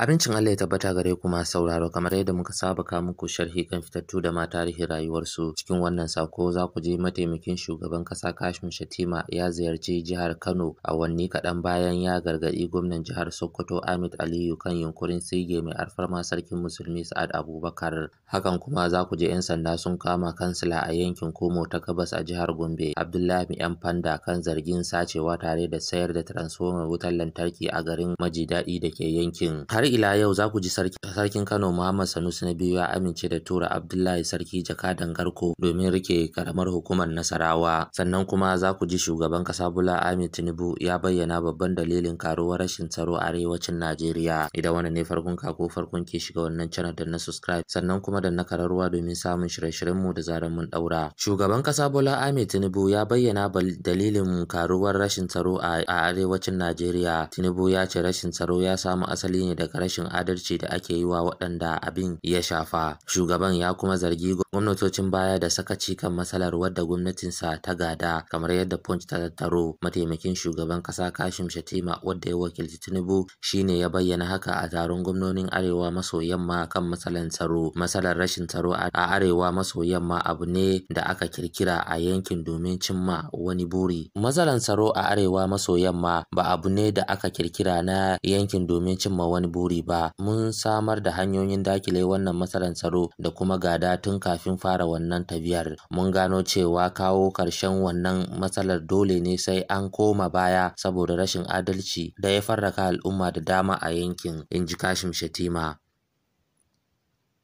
Abincin Allah ya tabbata gare ku masu sauraro kamar yadda muka saba ka muku sharhi kan fitattu da ma tarihin rayuwarsu cikin wannan sako za ku je mataimakin shugaban kasa Kashmir Shatima ya ziyarci jihar Kano a wanni kaɗan bayan ya gargaɗi gwamnan jihar Sokoto Ahmed Aliyu kan yunkurin sige mai alfarma sarkin musulmi Sa'ad Abubakar hakan kuma za ku je 'yan sanda sun kama kansila a yankin Komo ta gabas a jihar Gombe Abdullahi yan fanda kan zargin sacewa tare da sayar da transformer wutar lantarki a garin Maji Daɗi da ke yankin har ila yau za ku ji sarkin Kano Muhammad Sanusi na biyu ya amince da tura Abdullahi Sarki jakadan Garko domin rike karamar hukumar Nasarawa. Sannan kuma za ku ji shugaban kasa Bola Ahmed Tinubu ya bayyana babban dalilin karuwar rashin tsaro a arewacin Najeriya. Idan wannan ne farkon ka ko farkon ke shiga wannan channel da na subscribe sannan kuma da na kararruwa domin samun shirye-shiryen mu da zarar mun daura. Shugaban kasa Bola Ahmed Tinubu ya bayyana dalilin karuwar rashin tsaro a arewacin Najeriya. Tinubu ya ce rashin tsaro ya samu asali ne daga rashin adalci da ake yi wa waɗanda abin ya shafa. Shugaban ya kuma zargi gwamnatocin baya da sakaci kan matsalar wadda gwamnatinsa ta gada kamar yadda Punch ta tattaro. Mataimakin shugaban ƙasa Kashim Shatima wadda ya wakilci Tinubu shine ya bayyana haka a taron gwamnonin Arewa maso yamma kan matsalar tsaro. Matsalar rashin tsaro a Arewa maso yamma abu ne da aka kirkira a yankin domin cimma wani buri. Matsalar tsaro a Arewa maso yamma ba abu ne da aka kirkira na yankin domin cimma wani buri. wuri ba mun samar da hanyoyin dakile wannan matsalar tsaro da kuma gada tun kafin fara wannan tafiyar mun gano cewa kawo karshen wannan matsalar dole ne sai an koma baya saboda rashin adalci da ya farraka al'umma da dama a yankin in ji Kashim Shatima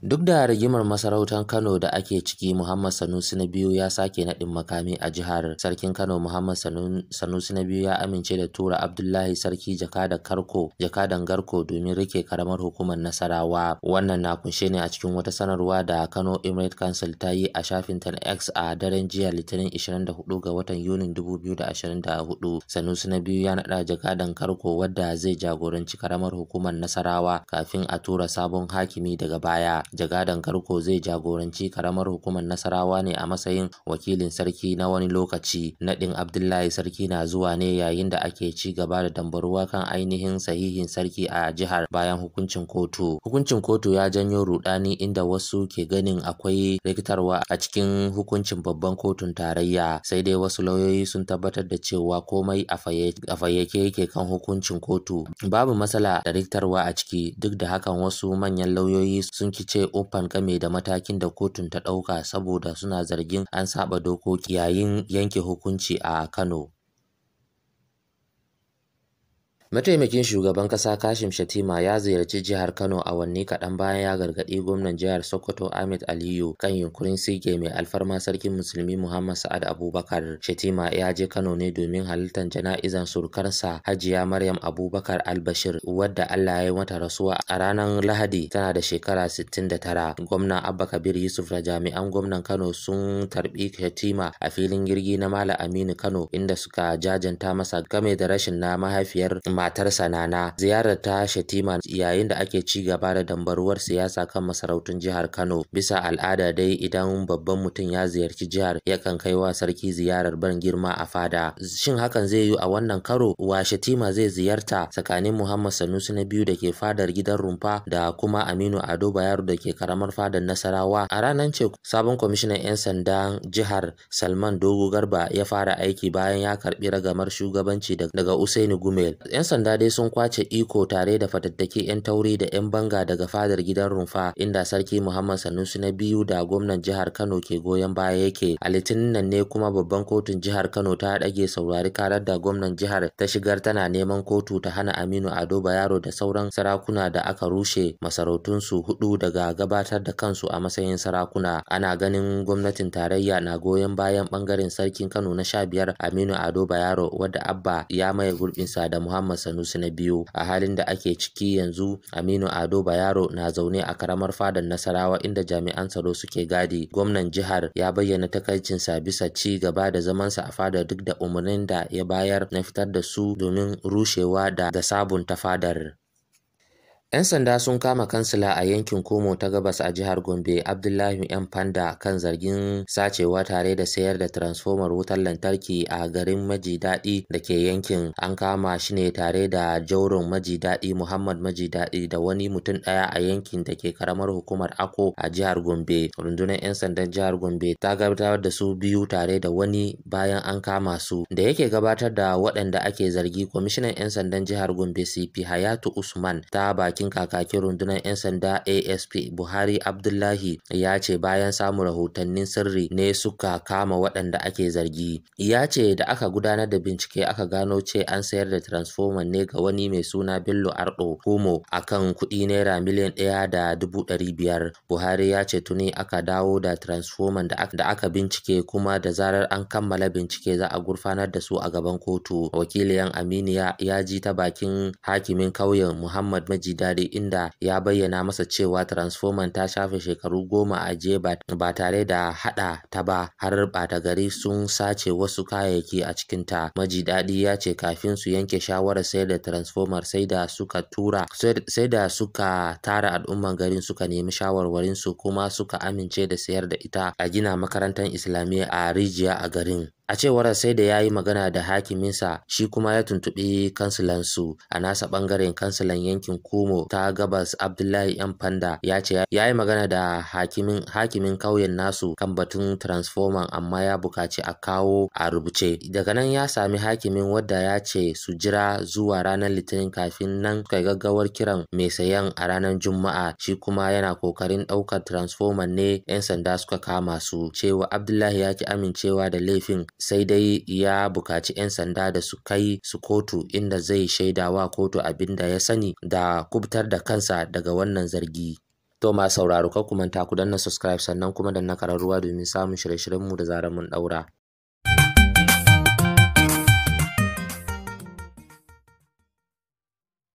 Duk da rigimar masarautar Kano da ake ciki, Muhammad Sanusi na biyu ya sake naɗin makami a jihar. Sarkin Kano Muhammad Sanusi na biyu ya amince da tura Abdullahi Sarki jakadan Karko, Jakadan Garko domin rike karamar hukumar Nasarawa. Wannan na kunshe ne a cikin wata sanarwa da Kano Emirate Council ta yi a shafin ta X a daren jiya Litinin 24 ga watan Yunin 2024. Sanusi na biyu ya naɗa Jakadan Karko wanda zai jagoranci karamar hukumar Nasarawa kafin a tura sabon hakimi daga baya. jagadan Karko zai jagoranci karamar hukumar Nasarawa ne a matsayin wakilin sarki na wani lokaci. Nadin Abdullahi sarki na zuwa ne yayin da ake ci gaba da dambaruwa kan ainihin sahihin sarki a jihar bayan hukuncin kotu. Hukuncin kotu ya janyo rudani inda wasu ke ganin akwai rikitarwa a cikin hukuncin babban kotun tarayya sai dai wasu lauyoyi sun tabbatar da cewa komai a fayyake yake kan hukuncin kotu. Babu matsala da rikitarwa a ciki duk da hakan wasu manyan lauyoyi sun kici ce Ofan game da matakin da kotun ta ɗauka saboda suna zargin an saba dokoki yayin yanke hukunci a Kano. Mataimakin shugaban kasa Kashim Shatima ya ziyarci jihar Kano a awanni kaɗan bayan ya gargaɗi gwamnan jihar Sokoto Ahmed Aliyu kan yunkurin sige mai alfarma sarkin musulmi Muhammad Sa'ad Abubakar. Shatima ya je Kano ne domin halittar jana'izan surukarsa Hajiya Maryam Abubakar Albashir wadda Allah ya yi mata rasuwa a ranar Lahadi tana da shekara 69. Gwamnan Abba Kabir Yusuf da jami'an gwamnan Kano sun tarbi Shatima a filin jirgi na Malam Aminu Kano inda suka jajanta masa game da rashin na mahaifiyar matarsa Nana ziyarar ta Shatima yayin da ake ci gaba da dambaruwar siyasa kan masarautun jihar Kano bisa al'ada dai idan babban mutum ya ziyarci jihar yakan kai wa sarki ziyarar ban girma a fada shin hakan zai yi a wannan karo wa Shatima zai ziyarta tsakanin Muhammad Sanusi na biyu da ke fadar gidan rumfa da kuma Aminu Ado Bayero da ke karamar fadar Nasarawa a ranar ce sabon kwamishinan 'yan sandan jihar Salman Dogo Garba ya fara aiki bayan ya karbi ragamar shugabanci daga Usaini Gumel 'yan sanda dai sun kwace iko tare da fatattake 'yan tauri da 'yan banga daga fadar gidan rumfa inda sarki Muhammad Sanusi na biyu da gwamnan jihar Kano ke goyon baya yake. A litinin nan ne kuma babban kotun jihar Kano ta ɗage saurari karar da gwamnan jihar ta shigar tana neman kotu ta hana Aminu Ado Bayaro da sauran sarakuna da aka rushe masarautunsu hudu daga gabatar da kansu a matsayin sarakuna. Ana ganin gwamnatin tarayya na goyon bayan bangaren sarkin Kano na sha biyar Aminu Ado Bayaro wadda Abba ya maye gurbinsa da Muhammad Sanusi na biyu a halin da ake ciki yanzu Aminu Ado Bayaro na zaune a karamar fadar Nasarawa inda jami'an tsaro suke gadi gwamnan jihar ya bayyana takaicinsa bisa ci gaba da zamansa a fadar duk da umarnin da ya bayar na fitar da su domin rushewa da sabunta fadar 'Yan sanda sun kama kansila a yankin Komo ta gabas a jihar Gombe Abdullahi 'yan fanda kan zargin sacewa tare da sayar da transformer wutar lantarki a garin Maji Daɗi da ke yankin. An kama shi ne tare da jauron Maji Daɗi Muhammad Maji Daɗi da wani mutum ɗaya a yankin da ke karamar hukumar Ako a jihar Gombe. Rundunar 'yan sandan jihar Gombe ta gabatar da su biyu tare da wani bayan an kama su. Da yake gabatar da waɗanda ake zargi kwamishinan 'yan sandan jihar Gombe CP Hayatu Usman ta bakin mataimakin kakakin rundunar 'yan sanda asp buhari abdullahi ya ce bayan samun rahotannin sirri ne suka kama waɗanda ake zargi ya ce da aka gudanar da bincike aka gano ce an sayar da transformer ne ga wani mai suna bello ardo a kan kuɗi naira miliyan ɗaya da dubu ɗari biyar buhari ya ce tuni aka dawo da transformer da aka bincike kuma da zarar an kammala bincike za a gurfanar da su a gaban kotu wakiliyan aminiya ya ji ta bakin hakimin ƙauyen muhammad majida wurare inda ya bayyana masa cewa transformer ta shafe shekaru goma a jeba ba tare da hada ta ba har bata gari sun sace wasu kayayyaki a cikin ta maji daɗi ya ce kafin su yanke shawarar sai da transformer sai da suka tura sai da suka tara al'umman garin suka nemi shawarwarin su kuma suka amince da sayar da ita a gina makarantar islamiyya a rijiya a garin a cewar sai da ya yi magana da hakiminsa shi kuma ya tuntuɓi kansulansu a nasa ɓangaren kansulan yankin kumo ta gabas abdullahi yan fanda ya ce ya yi magana da hakimin hakimin kauyen nasu kan batun transformer amma ya buƙaci a kawo a rubuce daga nan ya sami hakimin wadda ya ce su jira zuwa ranar litinin kafin nan kai gaggawar kiran mai sayan a ranar juma'a shi kuma yana kokarin ɗaukar transformer ne yan sanda suka kama su cewa abdullahi ya ki amincewa da laifin sai dai ya bukaci 'yan sanda da su kai su kotu inda zai shaidawa kotu abin da ya sani da kubtar da kansa daga wannan zargi. To ma sauraro ka kuma ta ku danna subscribe sannan kuma danna kararruwa domin samun shirye-shiryenmu da zarar mun daura.